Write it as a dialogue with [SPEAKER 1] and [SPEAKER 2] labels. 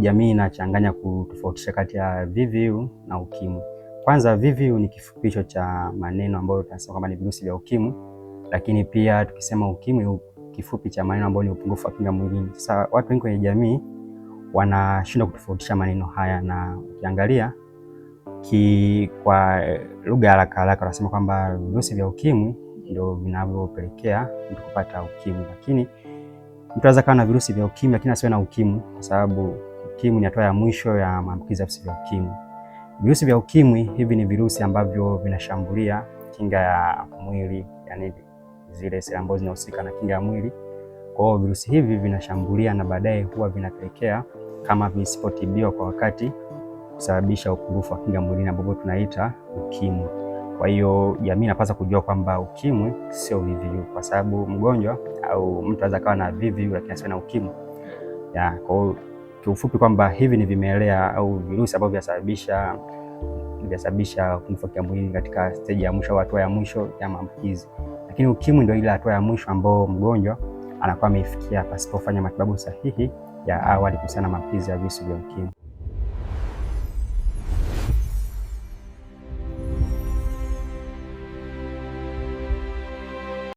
[SPEAKER 1] Jamii inachanganya kutofautisha kati ya VVU na UKIMWI. Kwanza, VVU ni kifupisho cha maneno ambayo tunasema kwamba ni virusi vya UKIMWI, lakini pia tukisema UKIMWI kifupi cha maneno ambayo ni upungufu wa kinga mwilini. Sasa watu wengi kwenye jamii wanashindwa kutofautisha maneno haya, na ukiangalia ki kwa lugha haraka haraka wanasema kwamba virusi vya UKIMWI ndio vinavyopelekea mtu kupata UKIMWI, lakini mtu anaweza kawa na virusi vya UKIMWI lakini asiwe na UKIMWI kwa sababu UKIMWI ni hatua ya mwisho ya maambukizi ya virusi vya UKIMWI. Virusi vya UKIMWI hivi ni virusi ambavyo vinashambulia kinga ya mwili, yani zile sehemu ambazo zinahusika na kinga ya mwili. Kwa hiyo virusi hivi vinashambulia na baadaye huwa vinapelekea kama visipotibiwa kwa wakati kusababisha upungufu wa kinga mwilini ambapo tunaita UKIMWI. Kwa hiyo jamii inapaswa kujua kwamba UKIMWI sio VVU, kwa sababu mgonjwa au mtu anaweza kawa na VVU lakini asiwe na UKIMWI ya, kwa hiyo kiufupi kwamba hivi ni vimelea au virusi ambavyo vinasababisha vinasababisha cha mwili katika stage ya mwisho au hatua ya mwisho ya maambukizi. Lakini ukimwi ndio ile hatua ya mwisho ambao mgonjwa anakuwa ameifikia pasipofanya matibabu sahihi ya awali kuhusiana na maambukizi ya virusi vya ukimwi.